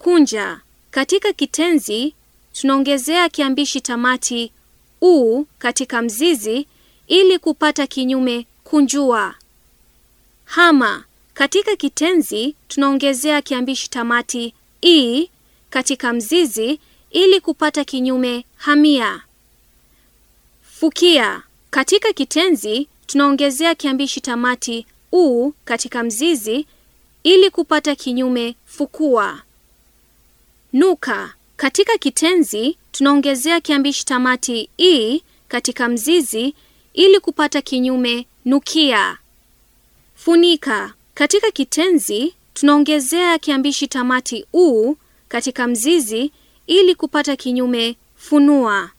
Kunja. Katika kitenzi tunaongezea kiambishi tamati u katika mzizi ili kupata kinyume kunjua. Hama. Katika kitenzi tunaongezea kiambishi tamati i katika mzizi ili kupata kinyume hamia. Fukia. Katika kitenzi tunaongezea kiambishi tamati u katika mzizi ili kupata kinyume fukua. Nuka. Katika kitenzi tunaongezea kiambishi tamati i katika mzizi ili kupata kinyume nukia. Funika. Katika kitenzi tunaongezea kiambishi tamati u katika mzizi ili kupata kinyume funua.